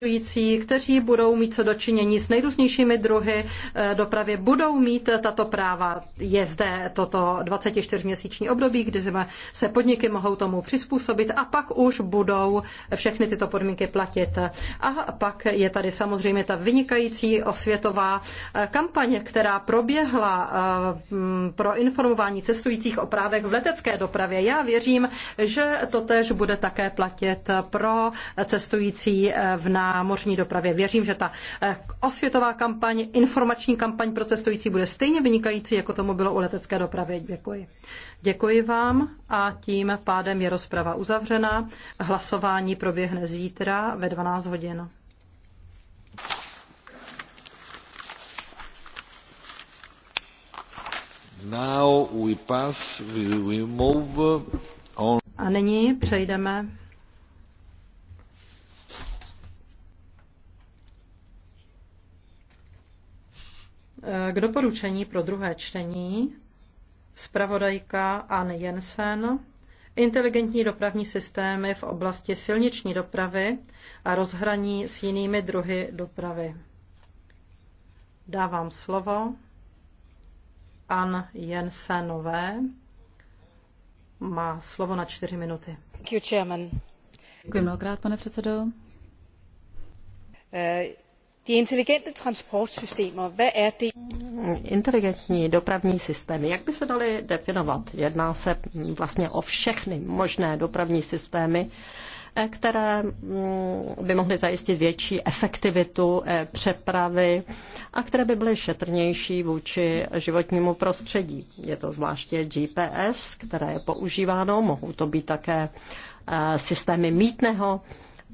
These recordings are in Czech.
cestující, kteří budou mít co dočinění s nejrůznějšími druhy eh, dopravy, budou mít eh, tato práva. Je zde toto 24-měsíční období, kdy se podniky mohou tomu přizpůsobit a pak už budou všechny tyto podmínky platit. A pak je tady samozřejmě ta vynikající osvětová eh, kampaně, která proběhla mm, pro informování cestujících o právech v letecké dopravě. Já věřím, že to tež bude také platit pro cestující v nás námořní dopravě. Věřím, že ta eh, osvětová kampaň, informační kampaň pro cestující bude stejně vynikající, jako tomu bylo u letecké dopravy. Děkuji. Děkuji vám a tím pádem je rozprava uzavřena. Hlasování proběhne zítra ve 12 hodin. Now we pass, we move on. A nyní přejdeme K doporučení pro druhé čtení zpravodajka Anne Jensen inteligentní dopravní systémy v oblasti silniční dopravy a rozhraní s jinými druhy dopravy. Dávám slovo Ann Jensenové. Má slovo na čtyři minuty. Děkuji mnohokrát, pane předsedo. Eh, Inteligentní er dopravní systémy, jak by se daly definovat? Jedná se vlastně o všechny možné dopravní systémy, eh, které mm, by mohly zajistit větší efektivitu eh, přepravy a které by byly šetrnější vůči životnímu prostředí. Je to zvláště GPS, které je používáno, mohou to být také eh, systémy mítného.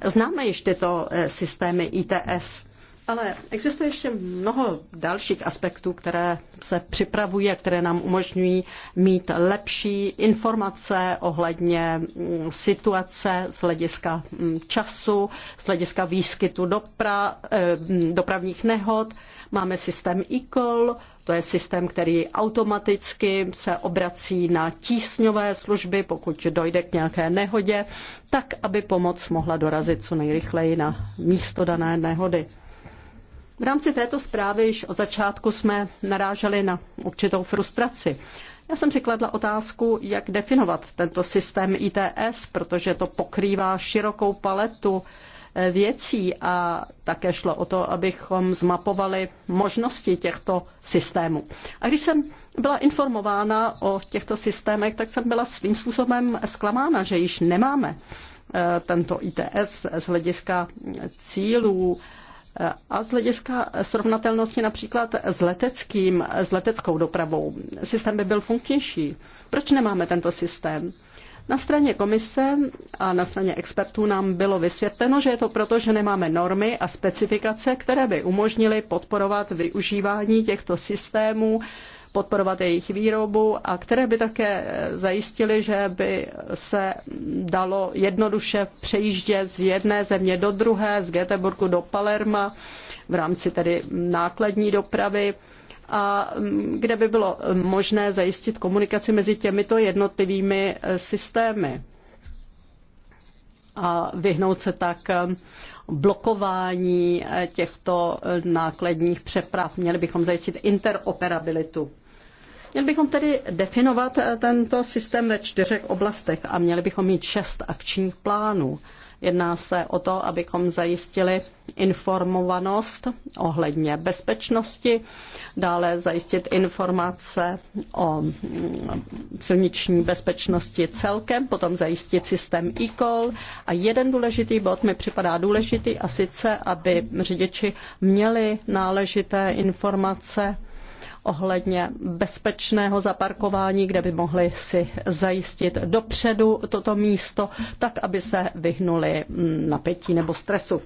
Známe již tyto systémy ITS, ale existuje ještě mnoho dalších aspektů, které se připravují a které nám umožňují mít lepší informace ohledně mm, situace z hlediska mm, času, z hlediska výskytu dopra, eh, mm, dopravních nehod. Máme systém ICOL, to je systém, který automaticky se obrací na tísňové služby, pokud dojde k nějaké nehodě, tak aby pomoc mohla dorazit co nejrychleji na místo dané nehody. V rámci této zprávy již od začátku jsme naráželi na určitou frustraci. Já jsem si kladla otázku, jak definovat tento systém ITS, protože to pokrývá širokou paletu eh, věcí a také šlo o to, abychom zmapovali možnosti těchto systémů. A když jsem byla informována o těchto systémech, tak jsem byla svým způsobem zklamána, že již nemáme eh, tento ITS z hlediska cílů a z hlediska srovnatelnosti například s, leteckým, s leteckou dopravou. Systém by byl funkčnější. Proč nemáme tento systém? Na straně komise a na straně expertů nám bylo vysvětleno, že je to proto, že nemáme normy a specifikace, které by umožnily podporovat využívání těchto systémů podporovat jejich výrobu a které by také eh, zajistily, že by se dalo jednoduše přejíždět z jedné země do druhé, z Göteborgu do Palerma v rámci tedy nákladní dopravy a mm, kde by bylo možné zajistit komunikaci mezi těmito jednotlivými eh, systémy a vyhnout se tak eh, blokování těchto nákladních přeprav. Měli bychom zajistit interoperabilitu. Měli bychom tedy definovat eh, tento systém ve čtyřech oblastech a měli bychom mít šest akčních plánů. Jedná se o to, abychom zajistili informovanost ohledně bezpečnosti, dále zajistit informace o mm, silniční bezpečnosti celkem, potom zajistit systém e-call a jeden důležitý bod mi připadá důležitý a sice, aby řidiči měli náležité informace ohledně bezpečného zaparkování, kde by mohli si zajistit dopředu toto místo, tak aby se vyhnuli mm, napětí nebo stresu.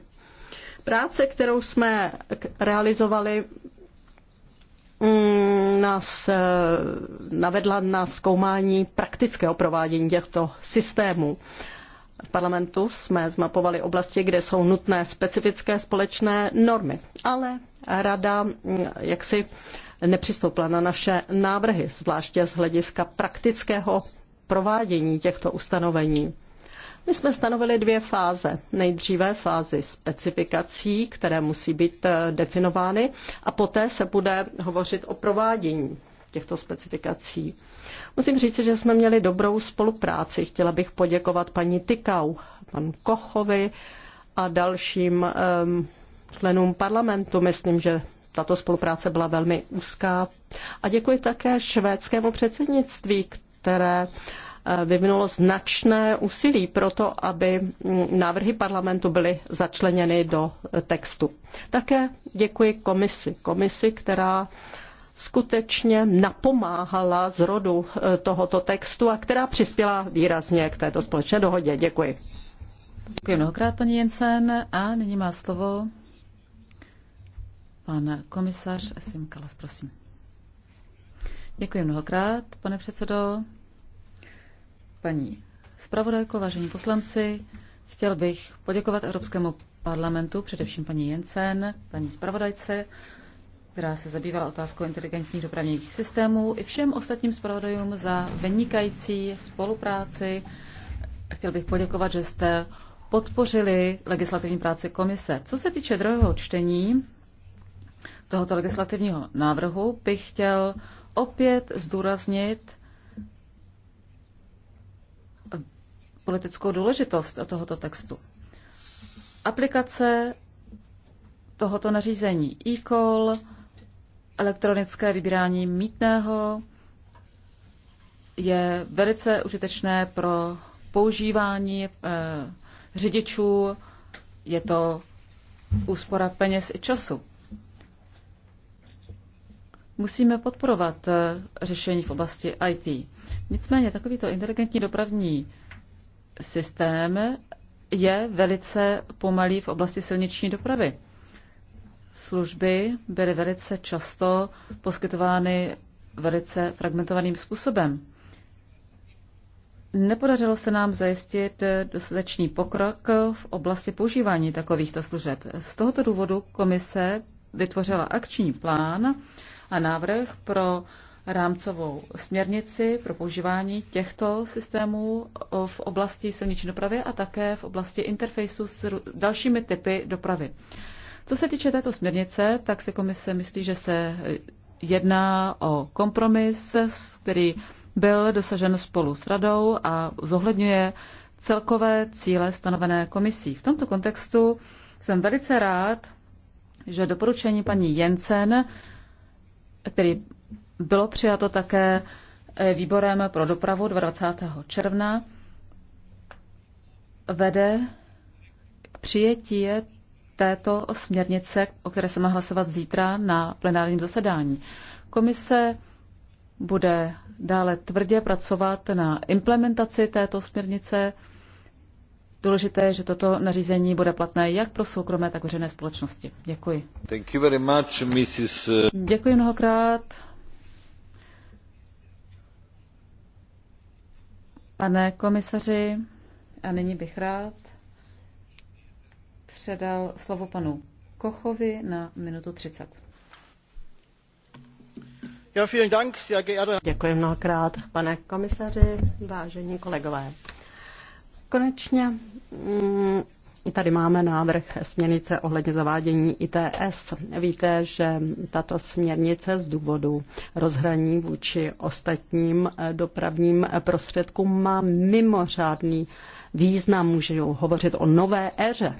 Práce, kterou jsme realizovali, mm, nás eh, navedla na zkoumání praktického provádění těchto systémů. V parlamentu jsme zmapovali oblasti, kde jsou nutné specifické společné normy, ale rada mm, jaksi nepřistoupila na naše návrhy, zvláště z hlediska praktického provádění těchto ustanovení. My jsme stanovili dvě fáze. Nejdříve fázi specifikací, které musí být eh, definovány, a poté se bude hovořit o provádění těchto specifikací. Musím říct, že jsme měli dobrou spolupráci. Chtěla bych poděkovat paní Tykau, panu Kochovi a dalším um, členům parlamentu. Myslím, že tato spolupráce byla velmi úzká. A děkuji také švédskému předsednictví, které eh, vyvinulo značné úsilí pro to, aby mm, návrhy parlamentu byly začleněny do eh, textu. Také děkuji komisi. Komisi, která skutečně napomáhala zrodu eh, tohoto textu a která přispěla výrazně k této společné dohodě. Děkuji. Děkuji mnohokrát, paní Jensen. A nyní má slovo Pan komisař Simkalas, prosím. Děkuji mnohokrát, pane předsedo. Paní zpravodajko, vážení poslanci, chtěl bych poděkovat Evropskému parlamentu, především paní Jensen, paní zpravodajce, která se zabývala otázkou inteligentních dopravních systémů, i všem ostatním zpravodajům za vynikající spolupráci. Chtěl bych poděkovat, že jste podpořili legislativní práci komise. Co se týče druhého čtení, tohoto legislativního návrhu bych chtěl opět zdůraznit politickou důležitost tohoto textu. Aplikace tohoto nařízení e-call, elektronické vybírání mítného je velice užitečné pro používání e, řidičů. Je to úspora peněz i času musíme podporovat eh, řešení v oblasti IT. Nicméně takovýto inteligentní dopravní systém je velice pomalý v oblasti silniční dopravy. Služby byly velice často poskytovány velice fragmentovaným způsobem. Nepodařilo se nám zajistit dostatečný pokrok v oblasti používání takovýchto služeb. Z tohoto důvodu komise vytvořila akční plán a návrh pro rámcovou směrnici pro používání těchto systémů v oblasti silniční dopravy a také v oblasti interfejsu s dalšími typy dopravy. Co se týče této směrnice, tak se komise myslí, že se jedná o kompromis, který byl dosažen spolu s radou a zohledňuje celkové cíle stanovené komisí. V tomto kontextu jsem velice rád, že doporučení paní Jensen který bylo přijato také eh, výborem pro dopravu 22. června, vede k přijetí této směrnice, o které se má hlasovat zítra na plenárním zasedání. Komise bude dále tvrdě pracovat na implementaci této směrnice důležité, je, že toto nařízení bude platné jak pro soukromé, tak veřejné společnosti. Děkuji. Thank you very much, Mrs. Uh, Děkuji mnohokrát. Pane komisaři, a nyní bych rád předal slovo panu Kochovi na minutu 30. Děkuji mnohokrát, pane komisaři, vážení kolegové. Konečně mm, tady máme návrh směrnice ohledně zavádění ITS. Víte, že tato směrnice z důvodu rozhraní vůči ostatním eh, dopravním prostředkům má mimořádný význam. Můžu hovořit o nové éře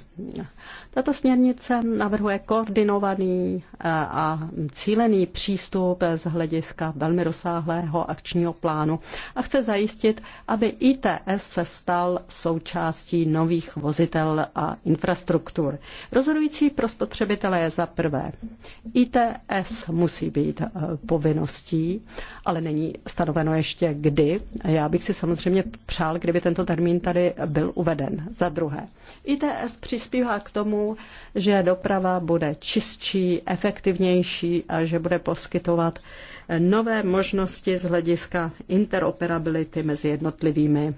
tato směrnice navrhuje koordinovaný eh, a cílený přístup z hlediska velmi rozsáhlého akčního plánu a chce zajistit, aby ITS se stal součástí nových vozitel a infrastruktur. Rozhodující pro spotřebitele je za prvé. ITS musí být eh, povinností, ale není stanoveno ještě kdy. Já bych si samozřejmě přál, kdyby tento termín tady byl uveden. Za druhé, ITS přispívá k tomu, tomu, že doprava bude čistší, efektivnější a že bude poskytovat nové možnosti z hlediska interoperability mezi jednotlivými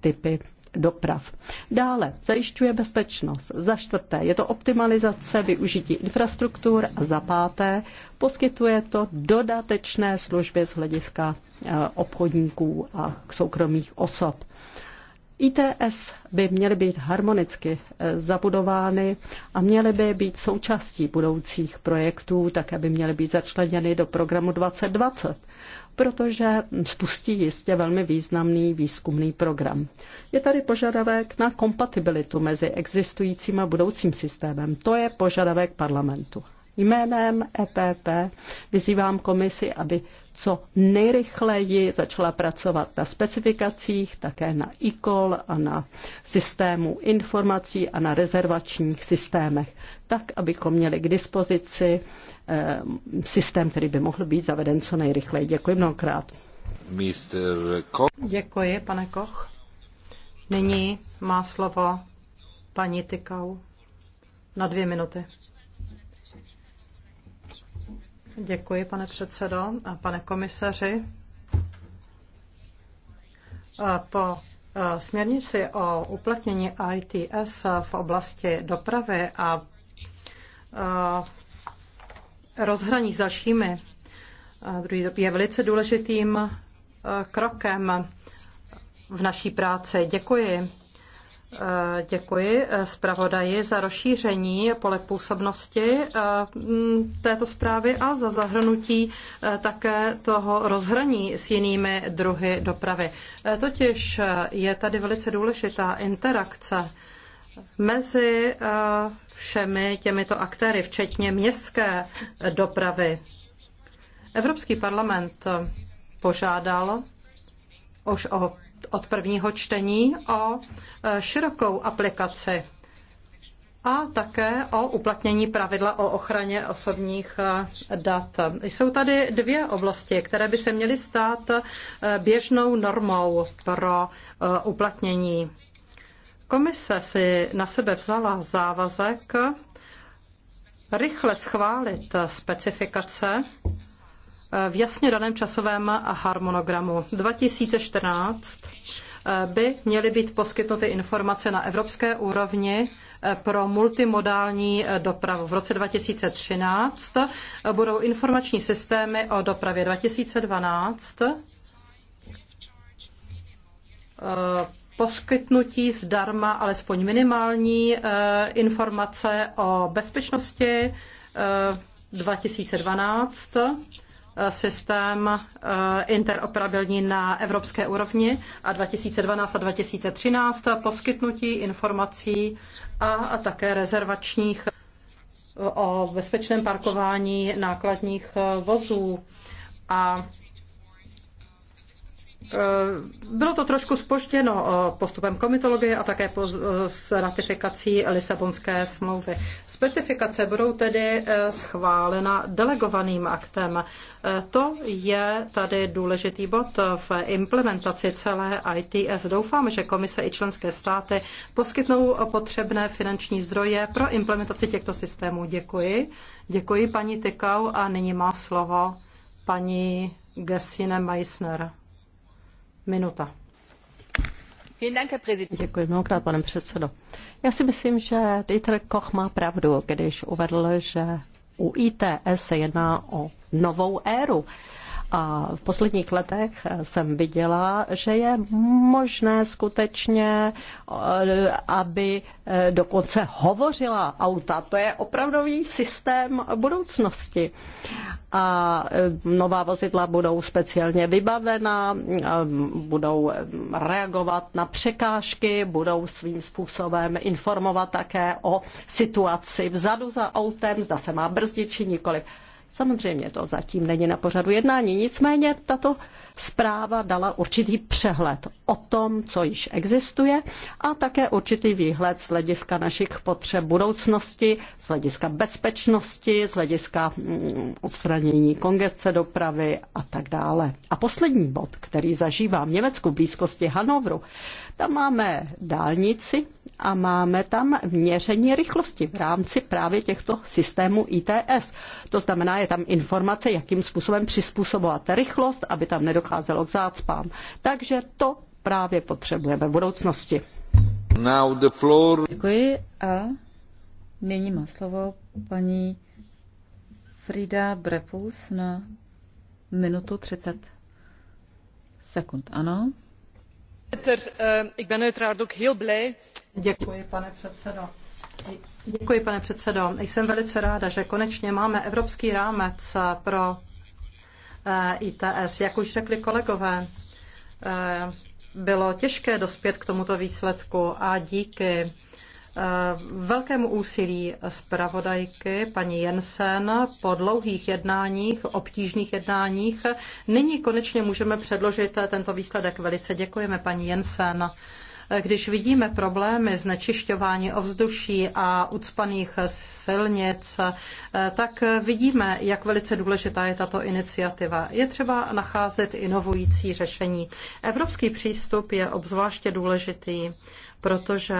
typy doprav. Dále zajišťuje bezpečnost. Za čtvrté je to optimalizace využití infrastruktur a za páté poskytuje to dodatečné služby z hlediska eh, obchodníků a soukromých osob. ITS by měly být harmonicky eh, zabudovány a měly by být součástí budoucích projektů, tak aby měly být začleněny do programu 2020 protože spustí jistě velmi významný výzkumný program. Je tady požadavek na kompatibilitu mezi existujícím a budoucím systémem. To je požadavek parlamentu. Jménem EPP vyzývám komisi, aby co nejrychleji začala pracovat na specifikacích, také na e a na systému informací a na rezervačních systémech, tak, abychom měli k dispozici eh, systém, který by mohl být zaveden co nejrychleji. Děkuji mnohokrát. Děkuji, pane Koch. Nyní má slovo paní Tykau na dvě minuty. Děkuji, pane předsedo a pane komisaři. Po směrnici o uplatnění ITS v oblasti dopravy a rozhraní s dalšími je velice důležitým krokem v naší práci. Děkuji Eh, děkuji eh, zpravodaji za rozšíření pole působnosti eh, mm, této zprávy a za zahrnutí také toho rozhraní s jinými druhy dopravy. Totiž je tady velice důležitá interakce mezi všemi těmito aktéry, včetně městské dopravy. Evropský parlament požádal už o od prvního čtení o e, širokou aplikaci a také o uplatnění pravidla o ochraně osobních e, dat. Jsou tady dvě oblasti, které by se měly stát e, běžnou normou pro uplatnění. Komise si na sebe vzala závazek rychle schválit specifikace v jasně daném časovém harmonogramu. 2014 eh, by měly být poskytnuty informace na evropské úrovni eh, pro multimodální eh, dopravu. V roce 2013 budou informační systémy o dopravě 2012 poskytnutí zdarma alespoň minimální informace o bezpečnosti 2012 Eh, systém eh, interoperabilní na evropské úrovni a 2012 a 2013 poskytnutí informací a, a také rezervačních eh, o bezpečném parkování nákladních vozů a Eh, bylo to trošku spožděno eh, postupem komitologie a také eh, s ratifikací Lisabonské smlouvy. Specifikace budou tedy schválena delegovaným aktem. To je tady důležitý bod v implementaci celé ITS. Doufám, že komise i členské státy poskytnou potřebné finanční zdroje pro implementaci těchto systémů. Děkuji. Děkuji paní Tykau a nyní má slovo paní Gesine Meissner. Děkuji mnohokrát, pane předsedo. Já si myslím, že Dieter Koch má pravdu, když uvedl, že u ITS se jedná o novou éru. A v posledních letech jsem viděla, že je možné skutečně, eh, aby eh, dokonce hovořila auta. To je opravdový systém budoucnosti. A eh, nová vozidla budou speciálně vybavena, budou reagovat na překážky, budou svým způsobem informovat také o situaci vzadu za autem, zda se má brzdit či nikoliv. Samozřejmě to zatím není na pořadu jednání, nicméně tato zpráva dala určitý přehled o tom, co již existuje a také určitý výhled z hlediska našich potřeb budoucnosti, z hlediska bezpečnosti, z hlediska mm, odstranění kongece dopravy a tak dále. A poslední bod, který zažívám v Německu v blízkosti Hanovru, tam máme dálnici a máme tam měření rychlosti v rámci právě těchto systémů ITS. To znamená, je tam informace, jakým způsobem přizpůsobovat rychlost, aby tam nedocházelo k zácpám. Takže to právě potřebujeme v budoucnosti. Now the floor. Děkuji a nyní má slovo paní Frida Brepus na minutu 30 sekund. Ano. Eh, Děkuji, pane předsedající. Děkuji, pane předsedo. Jsem velice ráda, že konečně máme evropský rámec pro eh, ITS. Jak už řekli kolegové, eh, bylo těžké dospět k tomuto výsledku a díky Eh, velkému úsilí zpravodajky paní Jensen po dlouhých jednáních, obtížných jednáních. Nyní konečně můžeme předložit tento výsledek. Velice děkujeme paní Jensen. Eh, když vidíme problémy znečišťování ovzduší a ucpaných silnic, eh, tak vidíme, jak velice důležitá je tato iniciativa. Je třeba nacházet inovující řešení. Evropský přístup je obzvláště důležitý, protože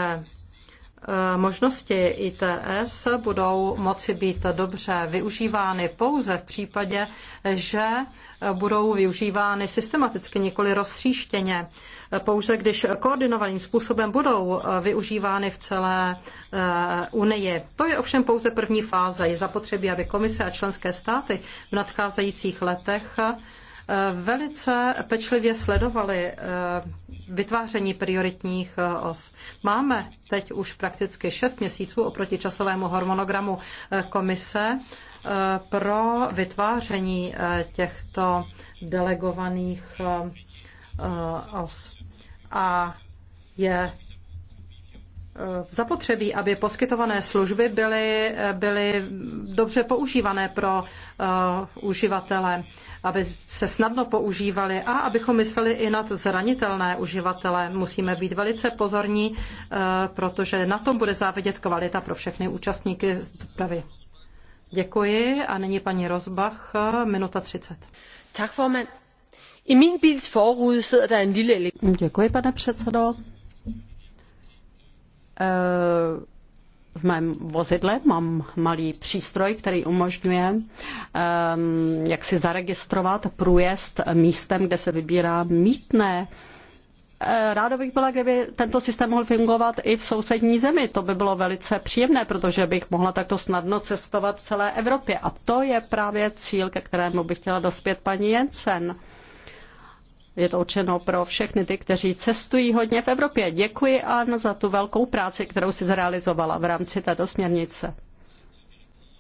Eh, možnosti ITS budou moci být dobře využívány pouze v případě, že eh, budou využívány systematicky, nikoli rozstříštěně. Eh, pouze když koordinovaným způsobem budou využívány v celé Unii. To je ovšem pouze první fáze. Je zapotřebí, aby komise a členské státy v nadcházejících letech Eh, velice pečlivě sledovali eh, vytváření prioritních eh, os. Máme teď už prakticky 6 měsíců oproti časovému harmonogramu komise pro vytváření těchto delegovaných os. A je Eh, zapotřebí, aby poskytované služby byly, eh, byly dobře používané pro uh, uživatele, aby se snadno používaly a abychom mysleli i nad zranitelné uživatele. Musíme být velice pozorní, uh, protože na tom bude závidět kvalita pro všechny účastníky zpravy. Děkuji a nyní paní Rozbach, minuta 30. Tak, formen. I min bils forud sidder der en lille... Děkuji, pane předsedo. Eh, v mém vozidle mám malý přístroj, který umožňuje um, jak si zaregistrovat průjezd místem, kde se vybírá mítné. Eh, ráda bych byla, kdyby tento systém mohl fungovat i v sousední zemi. To by bylo velice příjemné, protože bych mohla takto snadno cestovat v celé Evropě. A to je právě cíl, ke kterému bych chtěla dospět paní Jensen je to určeno pro všechny ty, kteří cestují hodně v Evropě. Děkuji a za tu velkou práci, kterou si zrealizovala v rámci této směrnice.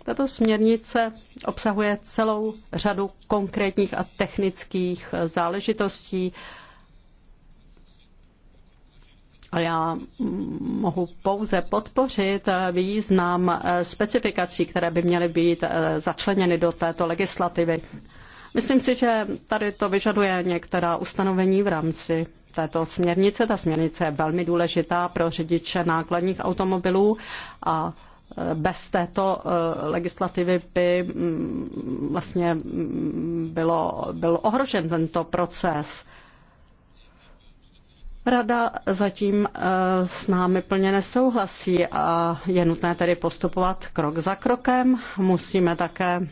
Tato směrnice obsahuje celou řadu konkrétních a technických záležitostí. A já mohu pouze podpořit význam specifikací, které by měly být začleněny do této legislativy. Myslím si, že tady to vyžaduje některá ustanovení v rámci této směrnice. Ta směrnice je velmi důležitá pro řidiče nákladních automobilů a e, bez této e, legislativy by mm, vlastně mm, bylo, byl ohrožen tento proces. Rada zatím e, s námi plně nesouhlasí a je nutné tedy postupovat krok za krokem. Musíme také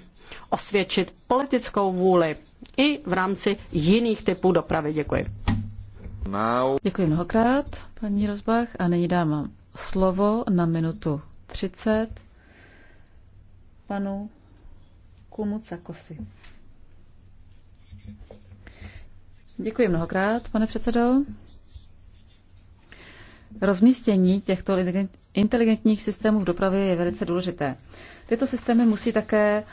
osvědčit politickou vůli i v rámci jiných typů dopravy. Děkuji. Now. Děkuji mnohokrát, paní Rozbach. A nyní dám slovo na minutu 30 panu Cakosi. Děkuji mnohokrát, pane předsedo. Rozmístění těchto inteligentních systémů v dopravě je velice důležité. Tyto systémy musí také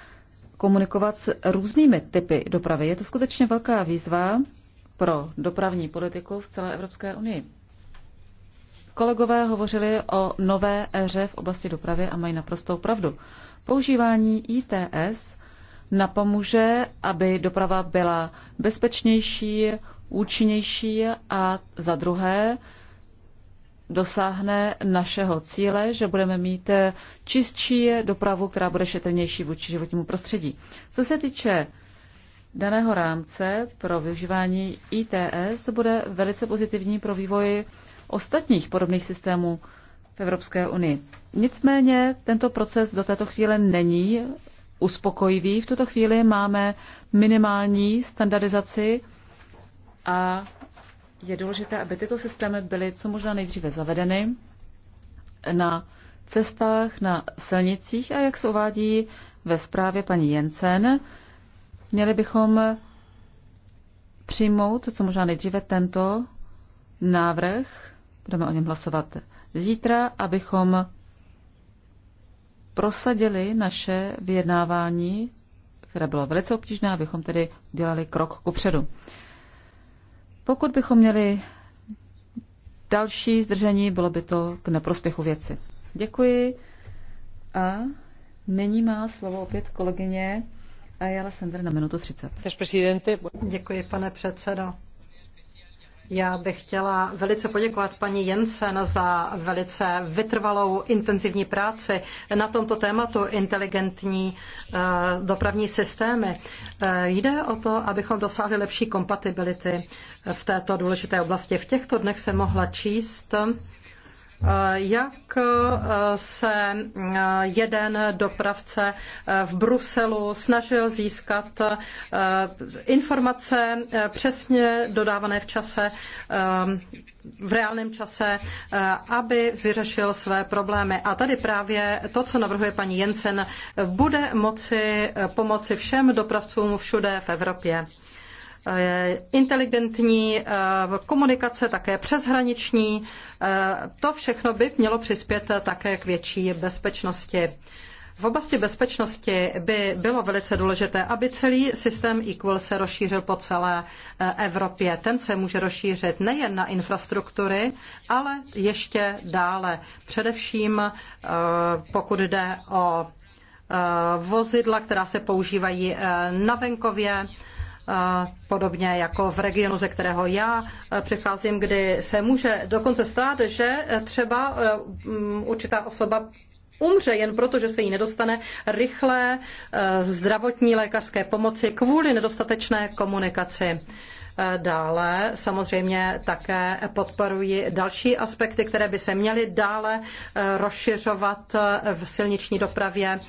komunikovat s různými typy dopravy. Je to skutečně velká výzva pro dopravní politiku v celé Evropské unii. Kolegové hovořili o nové éře v oblasti dopravy a mají naprostou pravdu. Používání ITS napomůže, aby doprava byla bezpečnější, účinnější a za druhé dosáhne našeho cíle, že budeme mít čistší dopravu, která bude šetrnější vůči životnímu prostředí. Co se týče daného rámce pro využívání ITS, bude velice pozitivní pro vývoj ostatních podobných systémů v Evropské unii. Nicméně tento proces do této chvíle není uspokojivý. V tuto chvíli máme minimální standardizaci a je důležité, aby tyto systémy byly co možná nejdříve zavedeny na cestách, na silnicích a jak se uvádí ve zprávě paní Jensen, měli bychom přijmout co možná nejdříve tento návrh, budeme o něm hlasovat zítra, abychom prosadili naše vyjednávání, které bylo velice obtížné, abychom tedy dělali krok kupředu. předu. Pokud bychom měli další zdržení, bylo by to k neprospěchu věci. Děkuji. A nyní má slovo opět kolegyně Ayala Sender na minutu 30. Děkuji, pane předsedo. Já bych chtěla velice poděkovat paní Jensen za velice vytrvalou intenzivní práci na tomto tématu inteligentní eh, dopravní systémy. Eh, jde o to, abychom dosáhli lepší kompatibility v této důležité oblasti. V těchto dnech se mohla číst Eh, jak eh, se eh, jeden dopravce v Bruselu snažil získat informace přesně dodávané v čase, v reálném čase, aby vyřešil své problémy. A tady právě to, co navrhuje paní Jensen, bude moci pomoci všem dopravcům všude v Evropě inteligentní eh, komunikace, také přeshraniční. Eh, to všechno by mělo přispět také k větší bezpečnosti. V oblasti bezpečnosti by bylo velice důležité, aby celý systém Equal se rozšířil po celé eh, Evropě. Ten se může rozšířit nejen na infrastruktury, ale ještě dále. Především pokud jde o vozidla, která se používají na venkově, podobně jako v regionu, ze kterého já eh, přicházím, kdy se může dokonce stát, že eh, třeba eh, mm, určitá osoba umře jen proto, že se jí nedostane rychlé zdravotní lékařské pomoci kvůli nedostatečné komunikaci. Dále samozřejmě také podporuji další aspekty, které by se měly dále rozšiřovat v silniční dopravě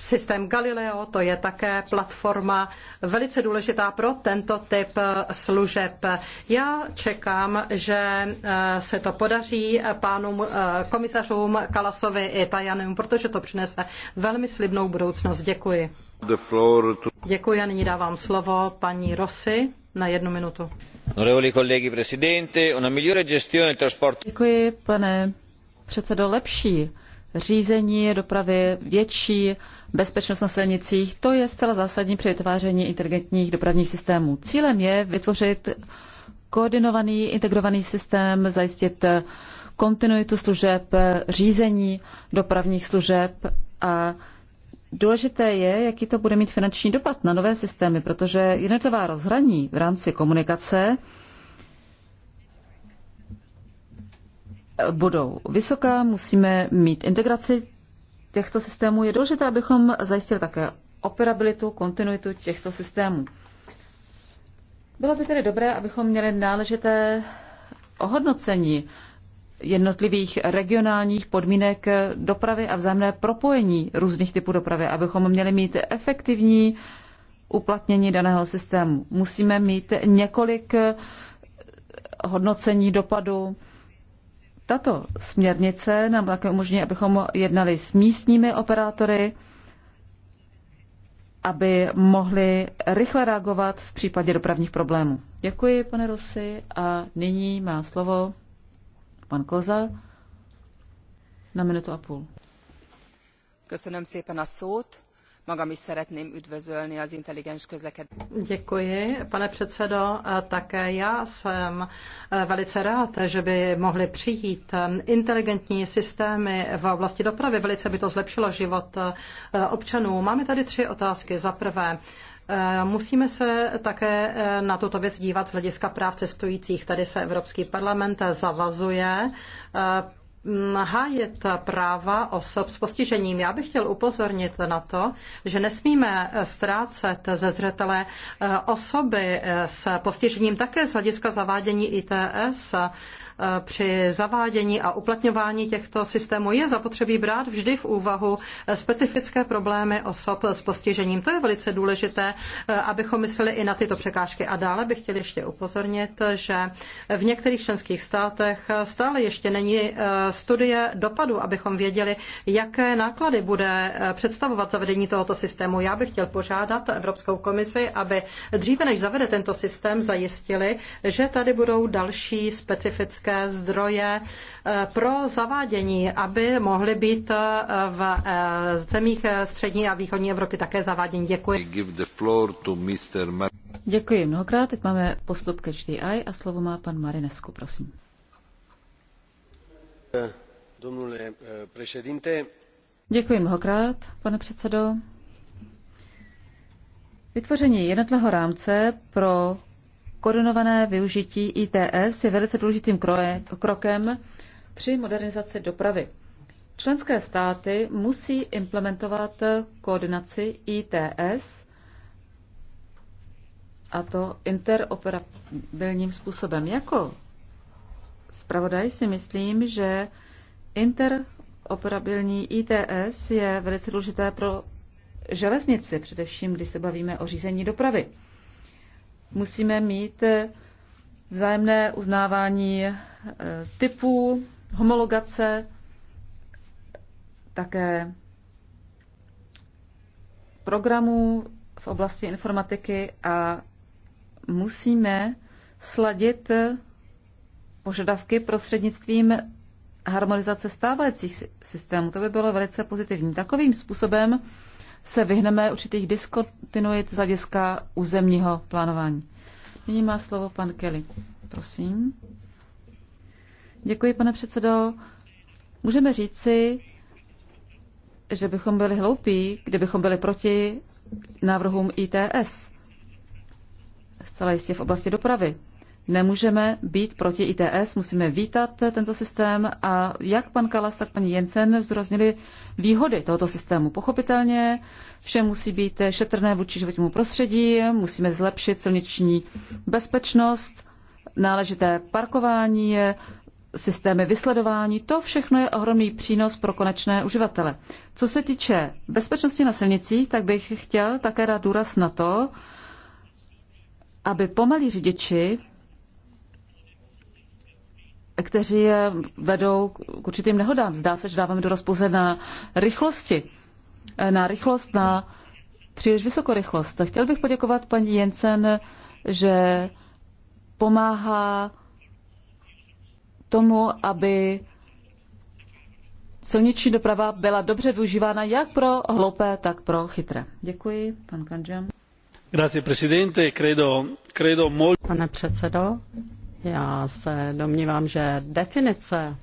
Systém Galileo to je také platforma velice důležitá pro tento typ služeb. Já čekám, že eh, se to podaří pánům eh, komisařům Kalasovi i Tajanům, protože to přinese velmi slibnou budoucnost. Děkuji. To... Děkuji a nyní dávám slovo paní Rosy na jednu minutu. Děkuji, pane předsedo. Lepší řízení dopravy, větší bezpečnost na silnicích, to je zcela zásadní při vytváření inteligentních dopravních systémů. Cílem je vytvořit koordinovaný, integrovaný systém, zajistit kontinuitu služeb, řízení dopravních služeb a Důležité je, jaký to bude mít finanční dopad na nové systémy, protože jednotlivá rozhraní v rámci komunikace budou vysoká, musíme mít integraci těchto systémů je důležité, abychom zajistili také operabilitu, kontinuitu těchto systémů. Bylo by tedy dobré, abychom měli náležité ohodnocení jednotlivých regionálních podmínek dopravy a vzájemné propojení různých typů dopravy, abychom měli mít efektivní uplatnění daného systému. Musíme mít několik hodnocení dopadu, tato směrnice nám také umožní, abychom jednali s místními operátory, aby mohli rychle reagovat v případě dopravních problémů. Děkuji, pane Rosy, a nyní má slovo pan Koza na minutu a půl. Köszönöm szépen a szót magam is szeretném üdvözölni az intelligens közlekedést. Děkuji, pane předsedo. Také já jsem e, velice rád, že by mohly přijít e, inteligentní systémy v oblasti dopravy. Velice by to zlepšilo život e, občanů. Máme tady tři otázky. Za prvé, Musíme se také na tuto věc dívat z hlediska práv cestujících. Tady se Evropský parlament zavazuje hájit práva osob s postižením. Já bych chtěl upozornit na to, že nesmíme ztrácet ze zřetele eh, osoby eh, s postižením také z hlediska zavádění ITS. Eh, při zavádění a uplatňování těchto systémů je zapotřebí brát vždy v úvahu specifické problémy osob s postižením. To je velice důležité, abychom mysleli i na tyto překážky. A dále bych chtěl ještě upozornit, že v některých členských státech stále ještě není studie dopadu, abychom věděli, jaké náklady bude eh, představovat zavedení tohoto systému. Já bych chtěl požádat Evropskou komisi, aby dříve než zavede tento systém, zajistili, že tady budou další specifické zdroje eh, pro zavádění, aby mohly být eh, v zemích střední a východní Evropy také zavádění. Děkuji. Děkuji mnohokrát. Teď máme postup ke HDI a slovo má pan Marinesku, prosím. Eh, Děkuji mnohokrát, pane předsedo. Vytvoření jednotného rámce pro koordinované využití ITS je velice důležitým krokem při modernizaci dopravy. Členské státy musí implementovat koordinaci ITS a to interoperabilním způsobem. Jako zpravodaj si myslím, že interoperabilní ITS je velice důležité pro železnici, především když se bavíme o řízení dopravy. Musíme mít vzájemné uznávání e, typů, homologace, také programů v oblasti informatiky a musíme sladit požadavky prostřednictvím harmonizace stávajících systémů. To by bylo velice pozitivní. Takovým způsobem se vyhneme určitých diskontinuit z hlediska územního plánování. Nyní má slovo pan Kelly. Prosím. Děkuji, pane předsedo. Můžeme říci, že bychom byli hloupí, kdybychom byli proti návrhům ITS. Zcela jistě v oblasti dopravy. Nemůžeme být proti ITS, musíme vítat tento systém a jak pan Kalas, tak paní Jensen zdůraznili výhody tohoto systému. Pochopitelně vše musí být šetrné vůči životnímu prostředí, musíme zlepšit silniční bezpečnost, náležité parkování, systémy vysledování, to všechno je ohromný přínos pro konečné uživatele. Co se týče bezpečnosti na silnicích, tak bych chtěl také dát důraz na to, aby pomalí řidiči kteří je vedou k určitým nehodám. Zdá se, že dáváme doraz pouze na rychlosti. Na rychlost, na příliš vysokou rychlost. Chtěl bych poděkovat paní Jensen, že pomáhá tomu, aby silniční doprava byla dobře využívána jak pro hloupé, tak pro chytré. Děkuji, pan molto. Pane předsedo, já se domnívám, že definice,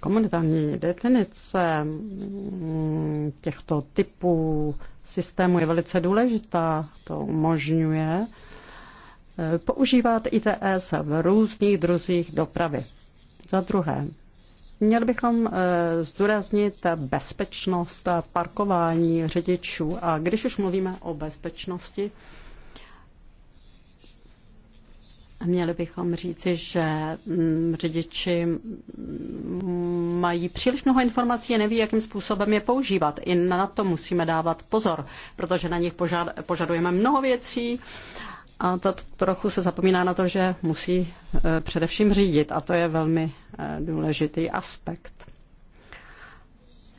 komunitární definice mm, těchto typů systému je velice důležitá. To umožňuje eh, používat ITS v různých druzích dopravy. Za druhé, Měli bychom eh, zdůraznit bezpečnost parkování řidičů. A když už mluvíme o bezpečnosti, Měli bychom říci, že mm, řidiči mm, mají příliš mnoho informací a neví, jakým způsobem je používat. I na to musíme dávat pozor, protože na nich požadujeme mnoho věcí a to trochu se zapomíná na to, že musí e, především řídit a to je velmi e, důležitý aspekt.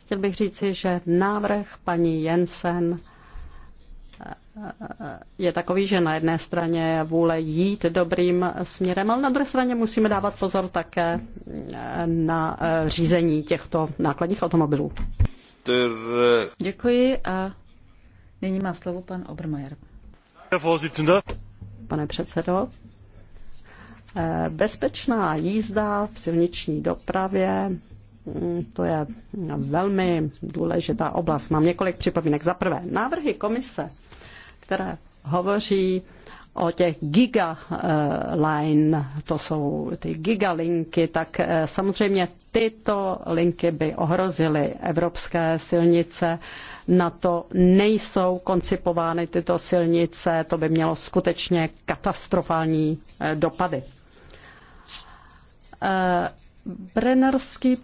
Chtěl bych říci, že návrh paní Jensen je takový, že na jedné straně je vůle jít dobrým směrem, ale na druhé straně musíme dávat pozor také eh, na eh, řízení těchto nákladních automobilů. Eh, Děkuji a nyní má slovo pan Obermajer. Pane předsedo, bezpečná jízda v silniční dopravě Mm, to je velmi důležitá oblast. Mám několik připomínek. Za prvé, návrhy komise, které hovoří o těch gigaline, eh, to jsou ty gigalinky, tak eh, samozřejmě tyto linky by ohrozily evropské silnice. Na to nejsou koncipovány tyto silnice, to by mělo skutečně katastrofální eh, dopady Brennerský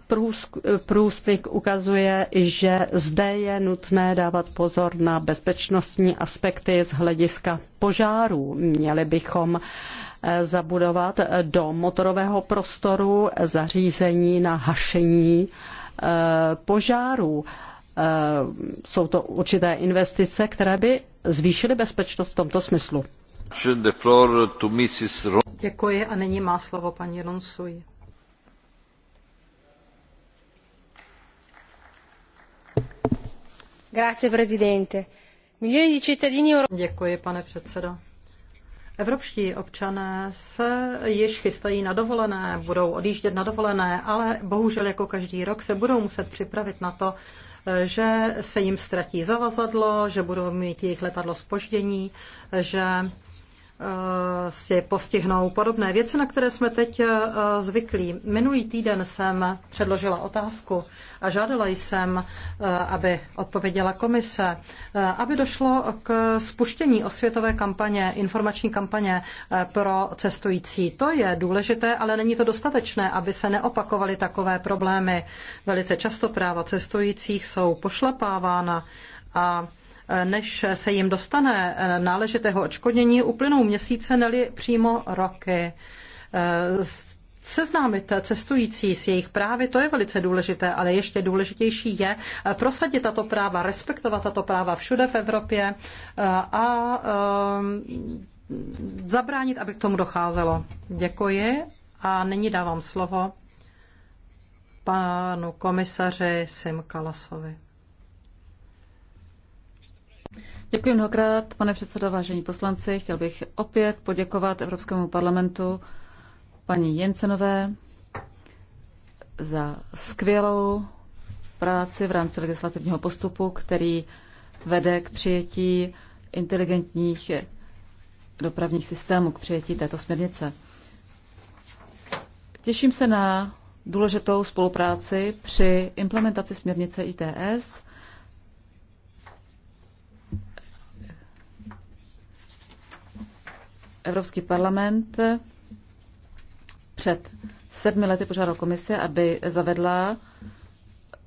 průspěch ukazuje, že zde je nutné dávat pozor na bezpečnostní aspekty z hlediska požárů. Měli bychom eh, zabudovat do motorového prostoru zařízení na hašení eh, požárů. Eh, jsou to určité investice, které by zvýšily bezpečnost v tomto smyslu. Děkuji a nyní má slovo paní Ronsuji. Děkuji, pane předsedo. Evropští občané se již chystají na dovolené, budou odjíždět na dovolené, ale bohužel jako každý rok se budou muset připravit na to, že se jim ztratí zavazadlo, že budou mít jejich letadlo spoždění, že Eh, si postihnou podobné věci, na které jsme teď eh, zvyklí. Minulý týden jsem předložila otázku a žádala jsem, eh, aby odpověděla komise, aby došlo k spuštění osvětové kampaně, informační kampaně pro cestující. To je důležité, ale není to dostatečné, aby se neopakovaly takové problémy. Velice často práva cestujících jsou pošlapávána a než se jim dostane náležitého odškodnění, uplynou měsíce, neli přímo roky. Seznámit cestující s jejich právy, to je velice důležité, ale ještě důležitější je prosadit tato práva, respektovat tato práva všude v Evropě a um, zabránit, aby k tomu docházelo. Děkuji a nyní dávám slovo panu komisaři Sim Kalasovi. Děkuji mnohokrát, pane předsedo, vážení poslanci. Chtěl bych opět poděkovat Evropskému parlamentu paní Jensenové za skvělou práci v rámci legislativního postupu, který vede k přijetí inteligentních dopravních systémů, k přijetí této směrnice. Těším se na důležitou spolupráci při implementaci směrnice ITS Evropský parlament před sedmi lety požádal komisi, aby zavedla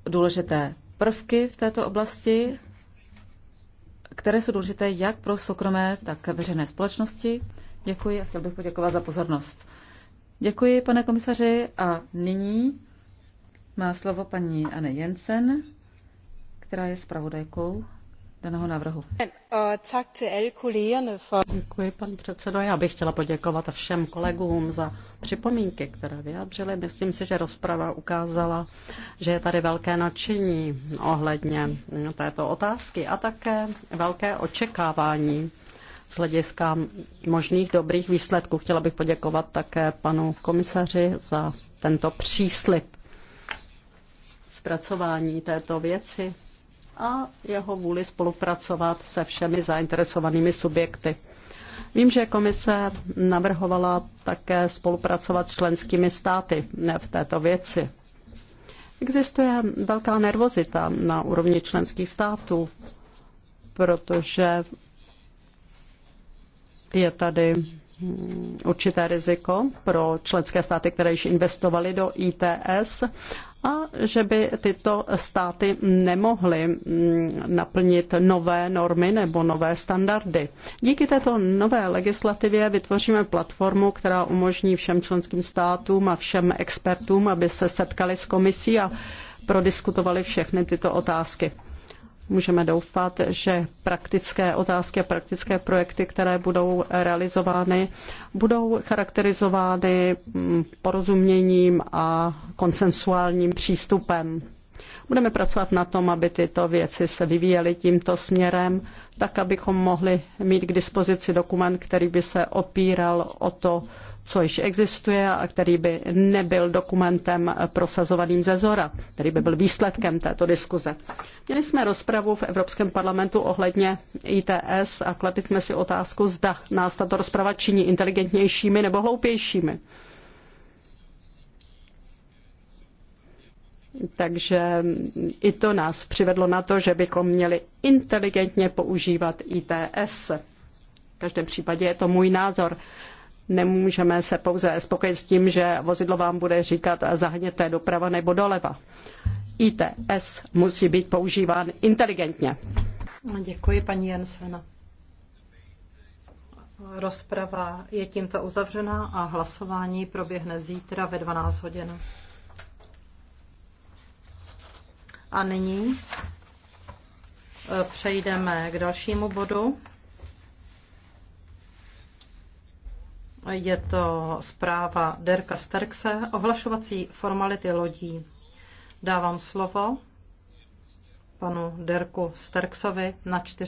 důležité prvky v této oblasti, které jsou důležité jak pro soukromé, tak veřejné společnosti. Děkuji a chtěl bych poděkovat za pozornost. Děkuji, pane komisaři, a nyní má slovo paní Anne Jensen, která je zpravodajkou daného návrhu. Děkuji, pan předsedo. Já bych chtěla poděkovat všem kolegům za připomínky, které vyjádřili. Myslím si, že rozprava ukázala, že je tady velké nadšení ohledně této otázky a také velké očekávání z hlediska možných dobrých výsledků. Chtěla bych poděkovat také panu komisaři za tento příslip zpracování této věci a jeho vůli spolupracovat se všemi zainteresovanými subjekty. Vím, že komise navrhovala také spolupracovat s členskými státy v této věci. Existuje velká nervozita na úrovni členských států, protože je tady určité riziko pro členské státy, které již investovaly do ITS a že by tyto státy nemohly mm, naplnit nové normy nebo nové standardy. Díky této nové legislativě vytvoříme platformu, která umožní všem členským státům a všem expertům, aby se setkali s komisí a prodiskutovali všechny tyto otázky můžeme doufat, že praktické otázky a praktické projekty, které budou realizovány, budou charakterizovány mm, porozuměním a konsensuálním přístupem. Budeme pracovat na tom, aby tyto věci se vyvíjely tímto směrem, tak abychom mohli mít k dispozici dokument, který by se opíral o to, co již existuje a který by nebyl dokumentem prosazovaným ze zora, který by byl výsledkem této diskuze. Měli jsme rozpravu v Evropském parlamentu ohledně ITS a kladli jsme si otázku, zda nás tato rozprava činí inteligentnějšími nebo hloupějšími. Takže i to nás přivedlo na to, že bychom měli inteligentně používat ITS. V každém případě je to můj názor. Nemůžeme se pouze spokojit s tím, že vozidlo vám bude říkat zahněte doprava nebo doleva. ITS musí být používán inteligentně. Děkuji, paní Jensena. Rozprava je tímto uzavřena a hlasování proběhne zítra ve 12 hodin. A nyní eh, přejdeme k dalšímu bodu. Je to zpráva Derka Sterkse, ohlašovací formality lodí. Dávám slovo panu Derku Sterksovi na čtyři.